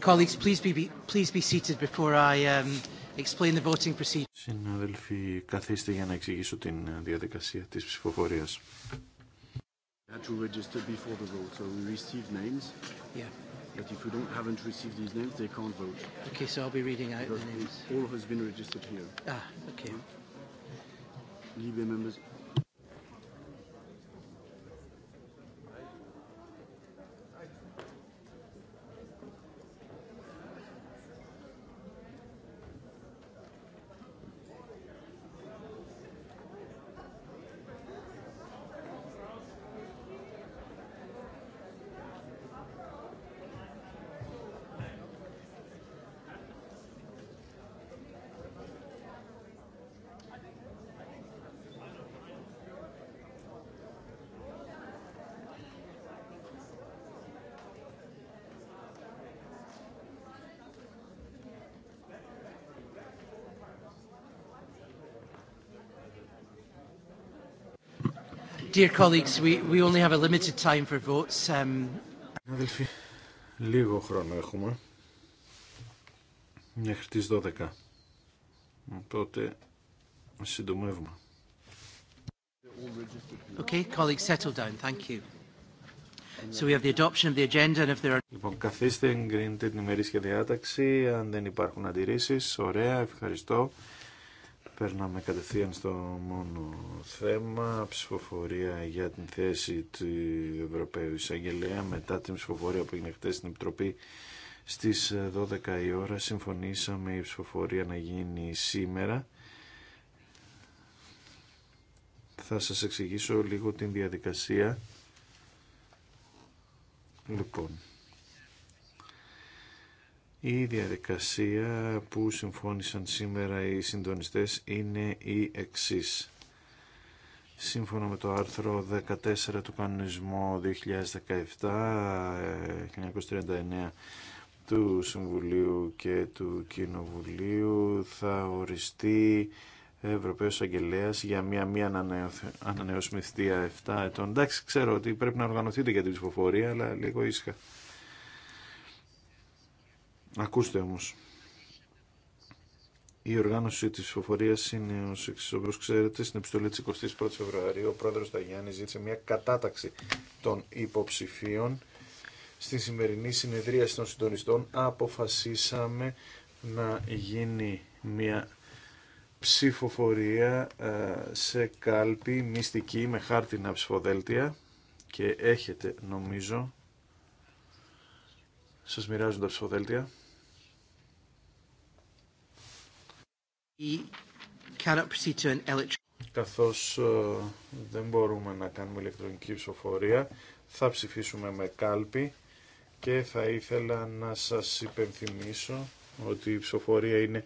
Colleagues, please be, please be seated before I um, explain the voting procedure. Συναδελφοί, καθίστε για να εξηγήσω την διαδικασία της ψηφοφορίας. Had to register before the vote, so we receive names. Yeah. But if you don't haven't received these names, they can't vote. Okay, so I'll be reading out the names. All has been registered here. Ah, okay. Liebe members, Dear colleagues, we, we only have a limited time for votes. Um... Αδελφοί, λίγο χρόνο έχουμε. Μέχρι τις 12. Τότε συντομεύουμε. Okay, colleagues, settle down. Thank you. So we have the adoption of the agenda and if there are... Λοιπόν, καθίστε, εγκρίνετε την ημερήσια διάταξη, αν δεν υπάρχουν αντιρρήσεις. Ωραία, ευχαριστώ. Περνάμε κατευθείαν στο μόνο θέμα, ψηφοφορία για την θέση του Ευρωπαίου Εισαγγελέα μετά την ψηφοφορία που έγινε χτες στην Επιτροπή στις 12 η ώρα. Συμφωνήσαμε η ψηφοφορία να γίνει σήμερα. Θα σας εξηγήσω λίγο την διαδικασία. Λοιπόν, η διαδικασία που συμφώνησαν σήμερα οι συντονιστές είναι η εξής. Σύμφωνα με το άρθρο 14 του κανονισμού 2017-1939 ε, του Συμβουλίου και του Κοινοβουλίου θα οριστεί Ευρωπαίος Αγγελέας για μία μία ανανεώσιμη θητεία 7 ετών. Εντάξει, ξέρω ότι πρέπει να οργανωθείτε για την ψηφοφορία, αλλά λίγο ήσυχα. Ακούστε όμως. Η οργάνωση τη ψηφοφορία είναι ω εξή. Όπω ξέρετε, στην επιστολή τη 21η Φεβρουαρίου, ο πρόεδρο Ταγιάννη ζήτησε μια κατάταξη των υποψηφίων. Στη σημερινή συνεδρίαση των συντονιστών αποφασίσαμε να γίνει μια ψηφοφορία ε, σε κάλπη μυστική με χάρτινα ψηφοδέλτια και έχετε νομίζω σας μοιράζουν τα ψηφοδέλτια Καθώς ε, δεν μπορούμε να κάνουμε ηλεκτρονική ψηφοφορία, θα ψηφίσουμε με κάλπη και θα ήθελα να σας υπενθυμίσω ότι η ψηφοφορία είναι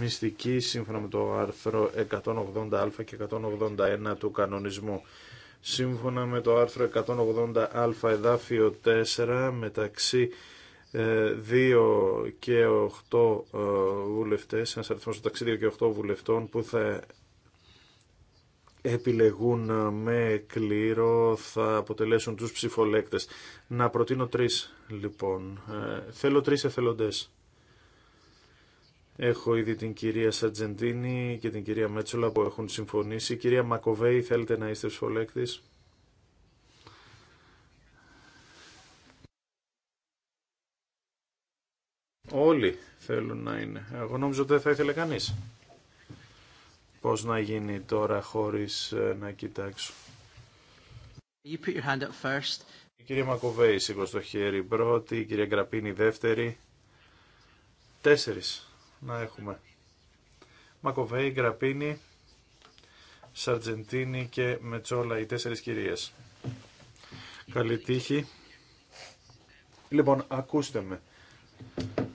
μυστική σύμφωνα με το άρθρο 180α και 181 του κανονισμού. Σύμφωνα με το άρθρο 180α εδάφιο 4 μεταξύ 2 ε, και 8 ε, βουλευτές, ένας αριθμός των ταξίδιων και 8 βουλευτών που θα επιλεγούν ε, με κλήρο, θα αποτελέσουν τους ψηφολέκτες. Να προτείνω τρεις λοιπόν. θέλω τρεις εθελοντές. Έχω ήδη την κυρία Σατζεντίνη και την κυρία Μέτσολα που έχουν συμφωνήσει. Κυρία Μακοβέη, θέλετε να είστε ψηφολέκτης. Όλοι θέλουν να είναι. Εγώ νόμιζα ότι δεν θα ήθελε κανείς. Πώς να γίνει τώρα χωρίς ε, να κοιτάξω. You put your hand up first. Η κυρία Μακοβέη σήκωσε το χέρι πρώτη, η κυρία Γκραπίνη δεύτερη. Τέσσερις να έχουμε. Μακοβέη, Γκραπίνη, Σαρτζεντίνη και Μετσόλα, οι τέσσερις κυρίες. Καλή τύχη. Λοιπόν, ακούστε με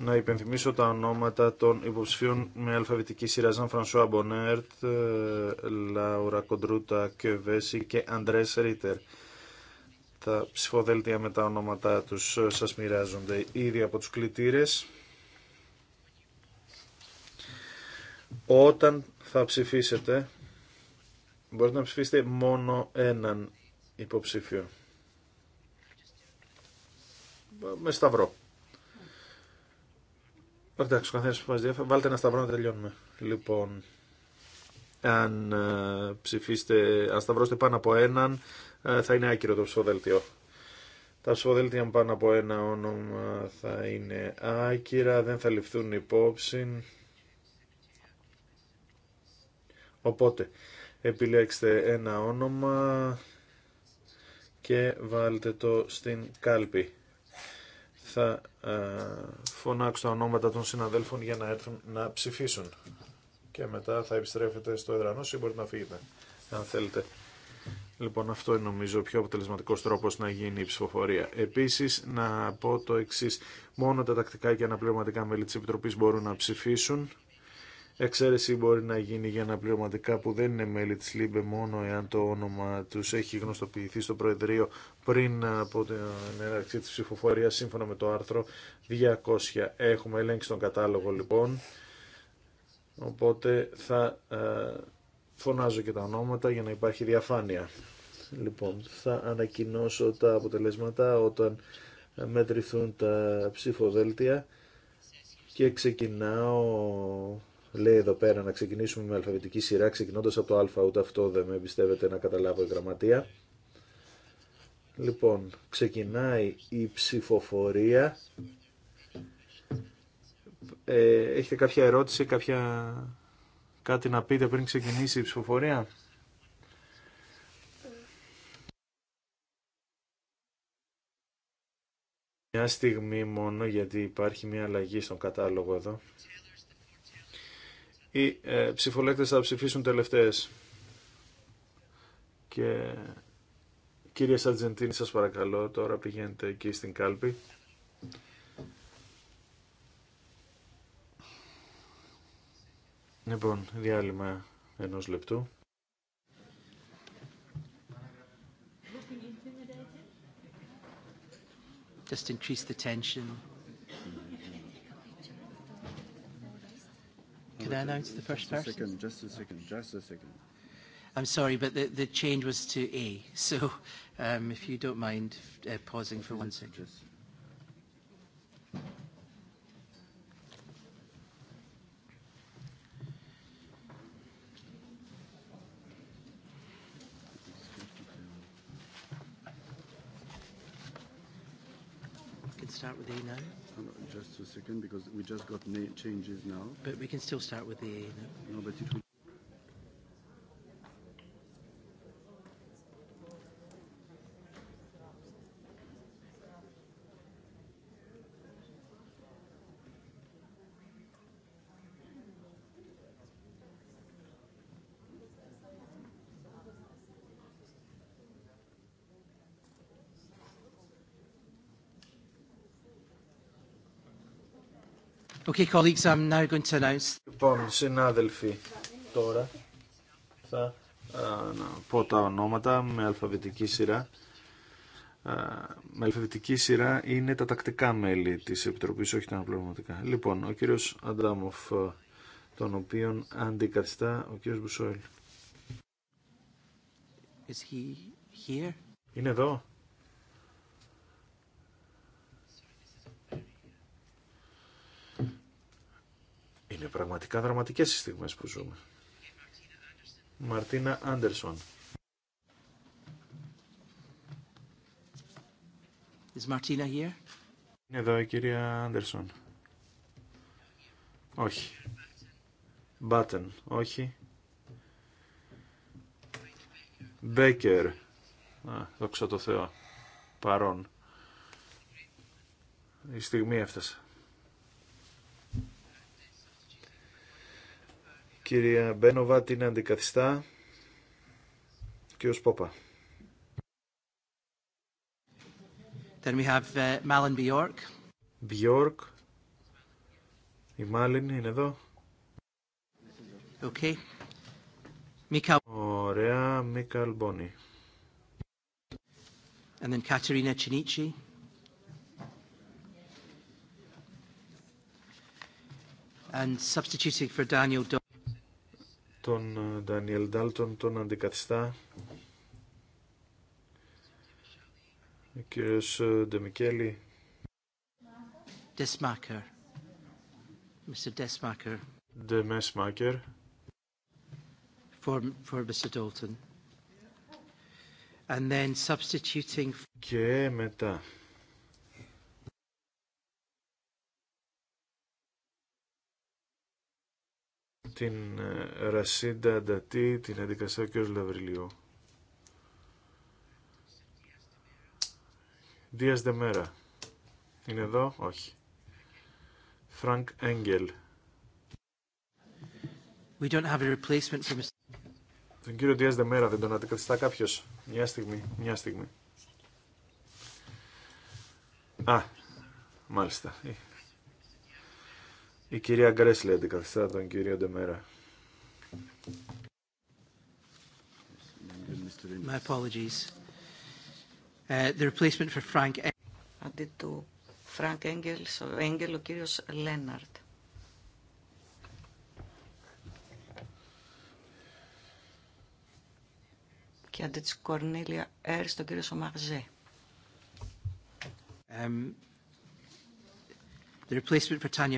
να υπενθυμίσω τα ονόματα των υποψηφίων με αλφαβητική σειρά Ζαν Φρανσουά Μπονέρτ, ε, Λαουρα Κοντρούτα Κεβέση και Αντρές Ρίτερ. Τα ψηφοδέλτια με τα ονόματά τους ε, σας μοιράζονται ήδη από τους κλητήρες. Όταν θα ψηφίσετε, μπορείτε να ψηφίσετε μόνο έναν υποψήφιο. Με σταυρό. Εντάξει, καθένα που μα βάλτε ένα σταυρό να τελειώνουμε. Λοιπόν, αν ε, ψηφίσετε, αν σταυρώσετε πάνω από έναν, ε, θα είναι άκυρο το ψηφοδέλτιο. Τα ψηφοδέλτια πάνω από ένα όνομα θα είναι άκυρα, δεν θα ληφθούν υπόψη. Οπότε, επιλέξτε ένα όνομα και βάλτε το στην κάλπη θα ε, φωνάξω τα ονόματα των συναδέλφων για να έρθουν να ψηφίσουν. Και μετά θα επιστρέφετε στο εδρανό ή μπορείτε να φύγετε, αν θέλετε. Λοιπόν, αυτό είναι νομίζω ο πιο αποτελεσματικός τρόπος να γίνει η ψηφοφορία. Επίσης, να πω το εξή. Μόνο τα τακτικά και αναπληρωματικά μέλη τη Επιτροπή μπορούν να ψηφίσουν εξαίρεση μπορεί να γίνει για πληρωματικά που δεν είναι μέλη της ΛΥΜΠΕ μόνο εάν το όνομα τους έχει γνωστοποιηθεί στο Προεδρείο πριν από την έναρξη της ψηφοφορίας σύμφωνα με το άρθρο 200. Έχουμε ελέγξει τον κατάλογο λοιπόν, οπότε θα ε, φωνάζω και τα ονόματα για να υπάρχει διαφάνεια. Λοιπόν, θα ανακοινώσω τα αποτελέσματα όταν ε, μετρηθούν τα ψηφοδέλτια και ξεκινάω Λέει εδώ πέρα να ξεκινήσουμε με αλφαβητική σειρά, ξεκινώντας από το α, ούτε αυτό δεν με εμπιστεύεται να καταλάβω η γραμματεία. Λοιπόν, ξεκινάει η ψηφοφορία. Ε, έχετε κάποια ερώτηση, κάποια... κάτι να πείτε πριν ξεκινήσει η ψηφοφορία. Μια στιγμή μόνο γιατί υπάρχει μια αλλαγή στον κατάλογο εδώ οι ε, ψηφολέκτες θα ψηφίσουν τελευταίες. Και κύριε Σαρτζεντίνη σας παρακαλώ τώρα πηγαίνετε εκεί στην κάλπη. Λοιπόν, διάλειμμα ενός λεπτού. Just increase the tension. Can I announce the first person? Second, just a second, just a second. I'm sorry, but the, the change was to A. So um, if you don't mind uh, pausing for one second. Just, just a second because we just got changes now. But we can still start with the. No, but it will Okay, colleagues, I'm now going to announce... Λοιπόν, συνάδελφοι, τώρα θα να πω τα ονόματα με αλφαβητική σειρά. Με αλφαβητική σειρά είναι τα τακτικά μέλη της Επιτροπής, όχι τα αναπληρωματικά. Λοιπόν, ο κύριος Αντάμοφ, τον οποίον αντικαθιστά ο κύριος Μπουσόελ. Is he here? Είναι εδώ. πραγματικά δραματικές οι στιγμές που ζούμε. Μαρτίνα Άντερσον. Is Martina here? Είναι εδώ η κυρία Άντερσον. Όχι. Μπάτεν, όχι. Μπέκερ. δόξα τω Θεώ. Παρόν. Η στιγμή έφτασε. Κυρία Μπένοβα την αντικαθιστά. Κύριος Πόπα. Then we have uh, Malin Bjork. Bjork. Η Μάλιν είναι εδώ. Okay. Mikael. Ωραία, Μίκα Αλμπόνη. And then Katerina Chinichi. And substituting for Daniel Do τον Ντανιέλ Ντάλτον τον αντικαθιστά ο κύριος Ντεμικέλη Desmacher Mr. Desmacher De Mesmacher for, for Mr. Dalton and then substituting και μετά την ε, Ρασίντα Αντατή, την αντικαστά ο κ. Λαβριλίου. Δίας Δεμέρα. Είναι εδώ, όχι. Φρανκ Έγγελ. Τον κύριο Δίας Δεμέρα δεν τον αντικαθιστά κάποιος. Μια στιγμή, μια στιγμή. Α, μάλιστα. Ε, η κυρία Γκρέσλη αντικαθιστά τον κύριο Ντεμέρα. My apologies. Uh, the replacement for Frank... Αντί του Φρανκ Έγγελ, ο κύριος Λέναρτ. και αντί της Κορνίλια Έρ στον κύριο Σομαρζέ. Um, the replacement for Tanya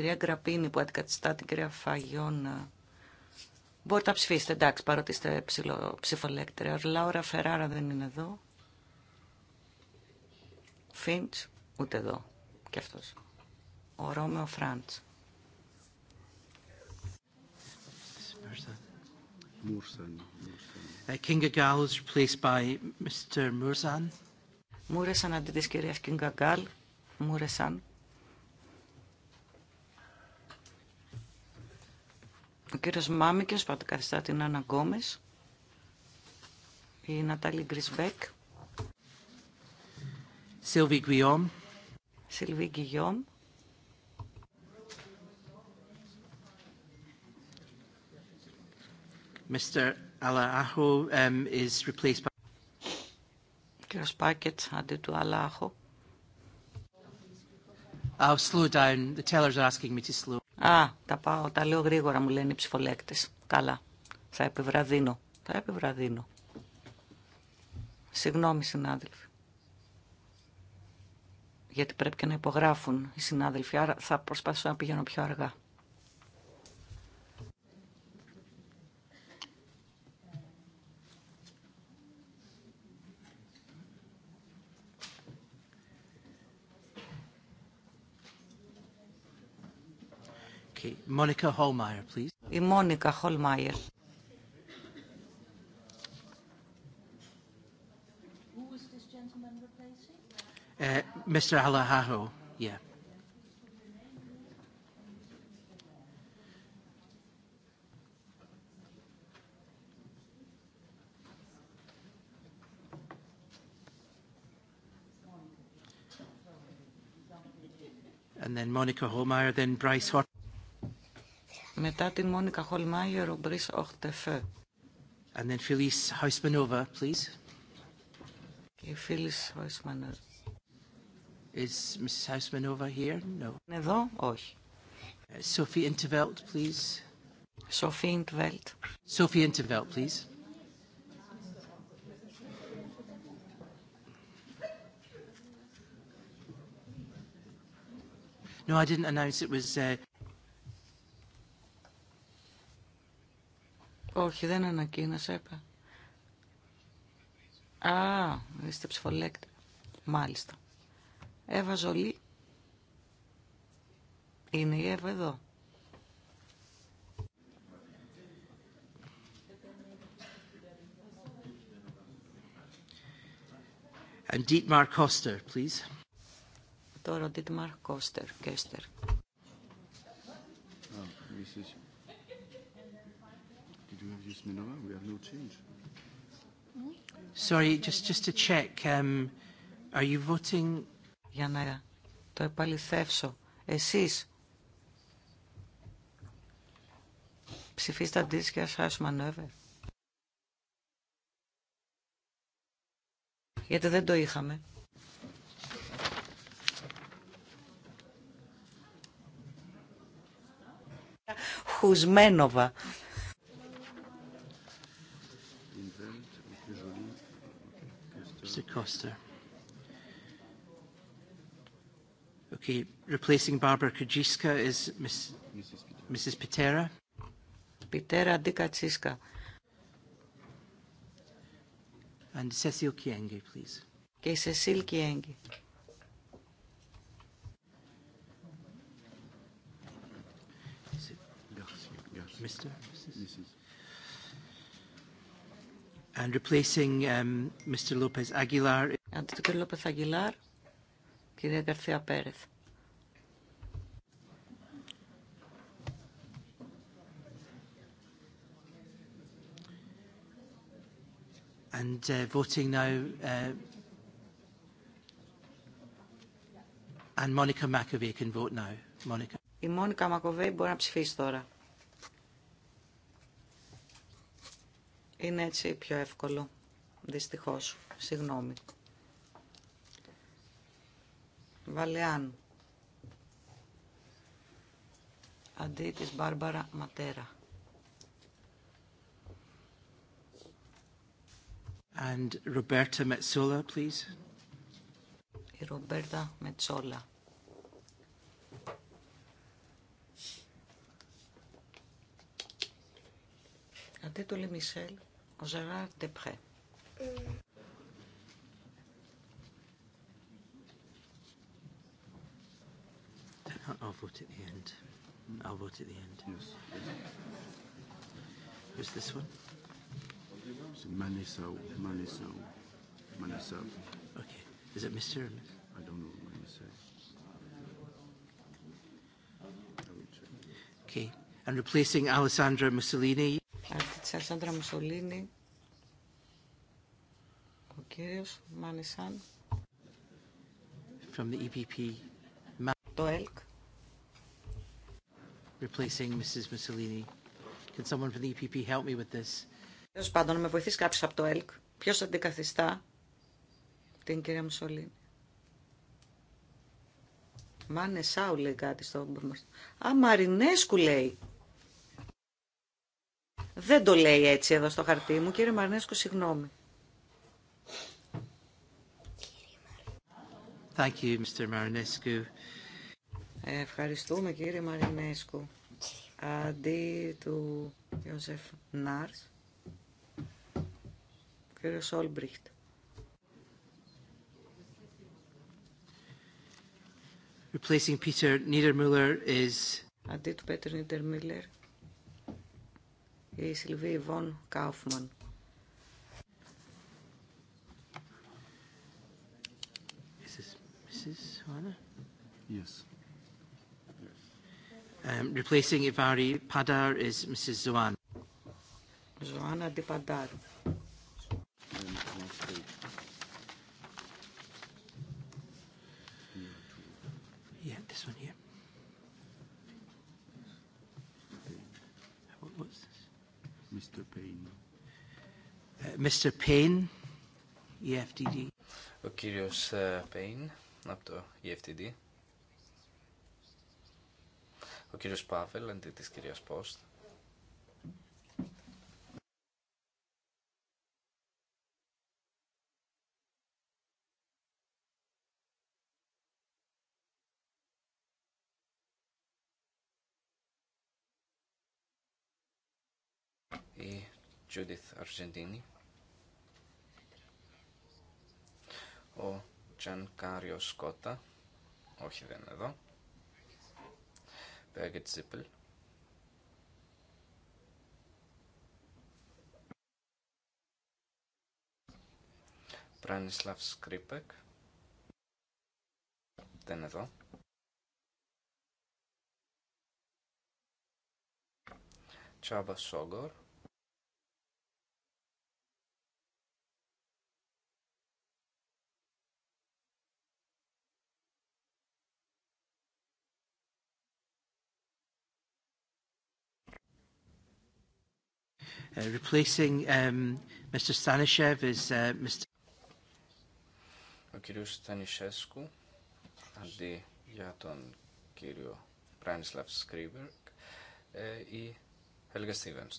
κυρία Γκραπίνη που αντικαθιστά την κυρία Φαγιόν. Ε, μπορείτε να ψηφίσετε, εντάξει, παρότι είστε ψηφολέκτρια. Λάουρα Φεράρα δεν είναι εδώ. Φίντ, ούτε εδώ. Και αυτό. Ο Ρώμεο Φράντ. Ε, Μούρεσαν αντί τη κυρία Κίνγκα Μούρεσαν Ο κύριος Μάμικιος πρωτοκαθιστά την Άννα Γκόμες, η Νατάλη Γκρισβέκ, Σιλβί Γκυγιόμ, Σιλβί Γκυγιόμ, Mr. Alaaho um, is replaced by... Κύριος Πάκετ, αντί του Αλάχο. I'll slow down. The tellers are asking me to slow. Α, τα πάω, τα λέω γρήγορα μου λένε οι ψηφολέκτε. Καλά, θα επιβραδύνω. Θα επιβραδύνω. Συγγνώμη συνάδελφοι. Γιατί πρέπει και να υπογράφουν οι συνάδελφοι, άρα θα προσπαθήσω να πηγαίνω πιο αργά. Monica Holmeyer, please. Η Μόνικα Χολμάιερ. Uh, Mr. Alahajo, yeah. And then Monica Holmeyer, then Bryce Hort. Μετά την Μόνικα Χολμάγερ, ο Μπρίς Οχτεφέ. And then Phyllis Hausmanova, please. Και η Phyllis Hausmanova. Is Mrs. Hausmanova here? No. εδώ, όχι. Sophie Intervelt, please. Sophie Intervelt. Sophie Intervelt, please. No, I didn't announce it was uh, Όχι, δεν ανακοίνωσα, είπα. Α, είστε ψηφολέκτη. Μάλιστα. Εύα Ζολή. Είναι η Εύα εδώ. And Dietmar Koster, please. Τώρα ο Dietmar Koster, Kester. Oh, this is... Ms. we have no change. Sorry, just, just to check, um, are you voting... Για να το επαληθεύσω. Εσείς ψηφίστε αντίστοιχα σας μανόβερ. Γιατί δεν το είχαμε. Χουσμένοβα. Mr. Costa. Okay, replacing Barbara Kajiska is Miss, Mrs. Pitera. Pitera Dikatsiska. And Cecil Kienge, please. Okay Cecil Kienge. Mr. Mrs. Mrs. And replacing um, Mr. Lopez Aguilar. Αντί του κ. Λόπεθ Αγγιλάρ, κυρία Γκαρθία Πέρεθ. And uh, voting now, uh, and Monica McAvey can vote now. Monica. Η Μόνικα Μακοβέη μπορεί να ψηφίσει τώρα. Είναι έτσι πιο εύκολο. Δυστυχώς. Συγγνώμη. Βαλεάν. Αντί της Μπάρμπαρα Ματέρα. And Roberta Metzola, please. Η Ρομπέρτα Μετσόλα. Αντί του Λεμισέλ. Gérard Depré. I'll vote at the end. I'll vote at the end. Yes. Who's this one? Manisau. Manisau. Manisau. Okay. Is it Mr. or Miss? I don't know what Manisau. Okay. And replacing Alessandra Mussolini της Αλσάντρα Μουσολίνη. Ο κύριος Μάνισαν. From the EPP. Το ΕΛΚ. Replacing Mrs. Mussolini. Can someone from the EPP help me with this? πάντων, να με βοηθήσει κάποιος από το ΕΛΚ. Ποιος αντικαθιστά την κυρία Μουσολίνη. Μάνε Σάου λέει κάτι στο Α, Μαρινέσκου λέει. Δεν το λέει έτσι εδώ στο χαρτί μου. Κύριε Μαρνέσκο, συγγνώμη. Thank you, Mr. Marinescu. Ευχαριστούμε κύριε Μαρινέσκου. Αντί του Ιωζεφ Νάρς, κύριο Σόλμπριχτ. Replacing Peter Niedermüller is... Αντί του Πέτρου Νίτερ Μίλλερ η Σιλβία Ιβόν Κάουφμαν. Yes. Um, replacing Ivari Padar is Mrs. Zoan. De Padar. Yeah, this one here. Uh, Mr. Payne, EFTD. Ο κύριος ε, Payne από το EFTD. Ο κύριος Πάβελ αντί της κυρίας Post. Judith Argentini, ο Τζαν Κάριο Σκότα, όχι δεν είναι εδώ, Μπέγκετ Ζίπελ, Πράνισλαβ Σκρίπεκ, δεν είναι εδώ, Τσάμπα Σόγκορ, replacing Mr. Stanishev is Mr. Ο κύριος and αντί για τον κύριο Πράνισλαβ and Helga Stevens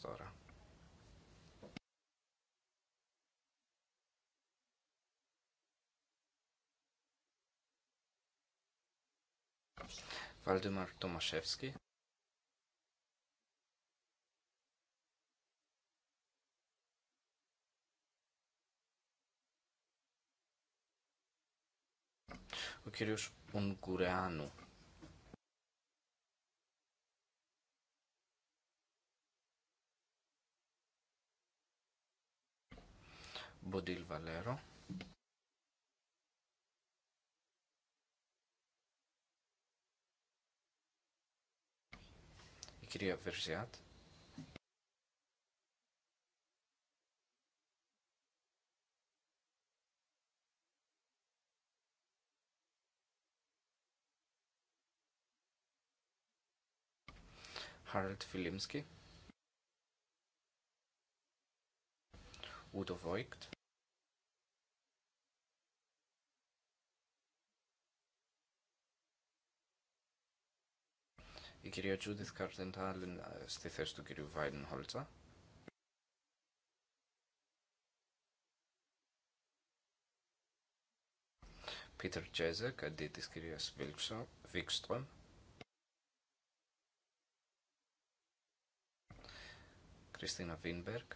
Valdemar Tomaszewski. Ο κύριος Ουγκουρεάνου. Μποντίλ Βαλέρο. Η κυρία Βερζιάτ. Harald Filimski, Udo Voigt, η κυρία Τζούντιθ Καρτεντάλεν ε, στη θέση του κυρίου Βάιντεν Χόλτσα. Πίτερ Τζέζεκ αντί της κυρίας Βίξτρομ. Κριστίνα Βίνμπεργκ.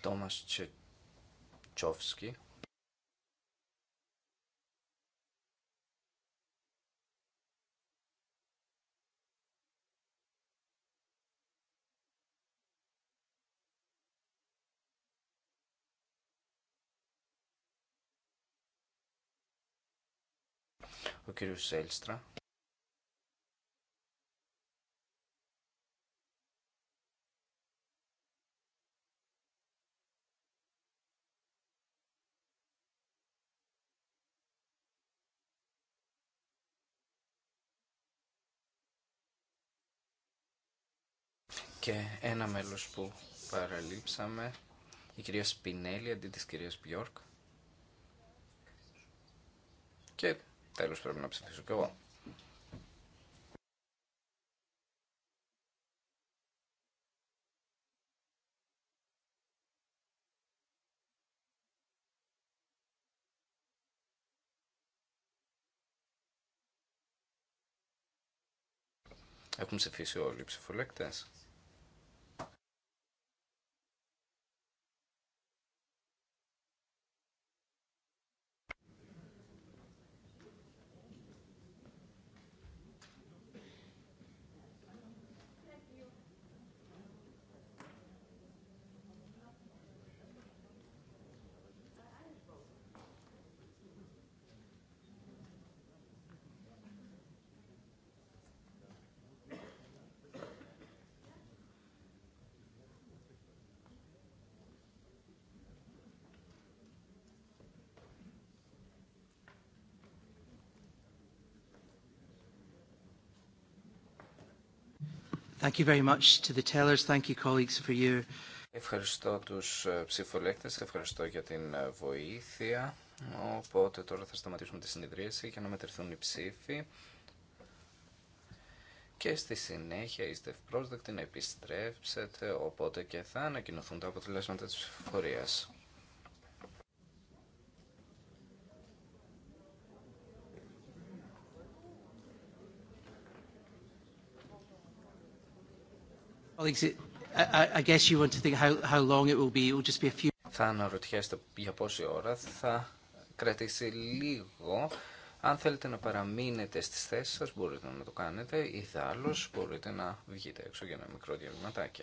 Τόμας Τσετσόφσκι. ο κύριος Σέλστρα. και ένα μέλος που παραλείψαμε, η κυρία Σπινέλη αντί της κυρίας Μπιόρκ. Και Τέλος πρέπει να ψηφίσω κι εγώ. Έχουν ψηφίσει όλοι οι ψηφολέκτες. Ευχαριστώ τους ε, ψηφολέκτες, ευχαριστώ για την ε, βοήθεια. Οπότε τώρα θα σταματήσουμε τη συνειδρίαση για να μετρηθούν οι ψήφοι. Και στη συνέχεια είστε ευπρόσδεκτοι να επιστρέψετε, οπότε και θα ανακοινωθούν τα αποτελέσματα της ψηφοφορίας. Θα αναρωτιέστε για πόση ώρα θα κρατήσει λίγο. Αν θέλετε να παραμείνετε στις θέσεις σας μπορείτε να το κάνετε ή θα μπορείτε να βγείτε έξω για ένα μικρό διαβηματάκι.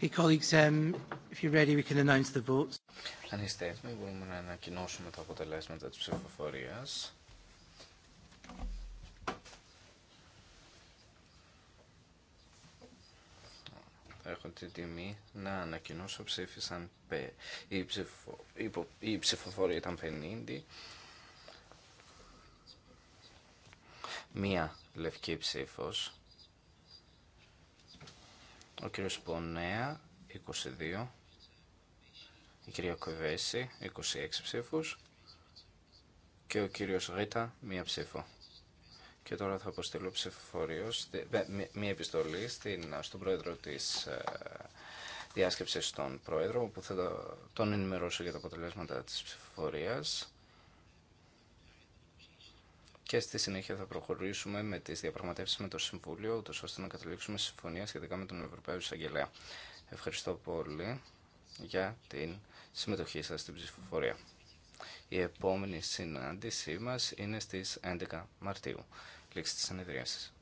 Hey colleagues, um, if you're ready, we can announce the votes. Αν είστε έτοιμοι, μπορούμε να ανακοινώσουμε τα αποτελέσματα της ψηφοφορίας. Έχω την τιμή να ανακοινώσω ψήφισαν η, ψηφο, η ψηφοφορία ήταν 50. Μία λευκή ψήφος ο κύριος Πονέα 22, η κυρία Κοβέση 26 ψήφους και ο κύριος γήτα μία ψήφο. Και τώρα θα αποστείλω ψηφοφορείο, μία επιστολή στην, στον πρόεδρο της ε, διάσκεψης των πρόεδρων, που θα τον ενημερώσω για τα αποτελέσματα της ψηφοφορίας και στη συνέχεια θα προχωρήσουμε με τις διαπραγματεύσεις με το Συμβούλιο, ούτω ώστε να καταλήξουμε συμφωνία σχετικά με τον Ευρωπαίο Εισαγγελέα. Ευχαριστώ πολύ για την συμμετοχή σας στην ψηφοφορία. Η επόμενη συνάντησή μας είναι στις 11 Μαρτίου. Λήξη της συνεδρίαση.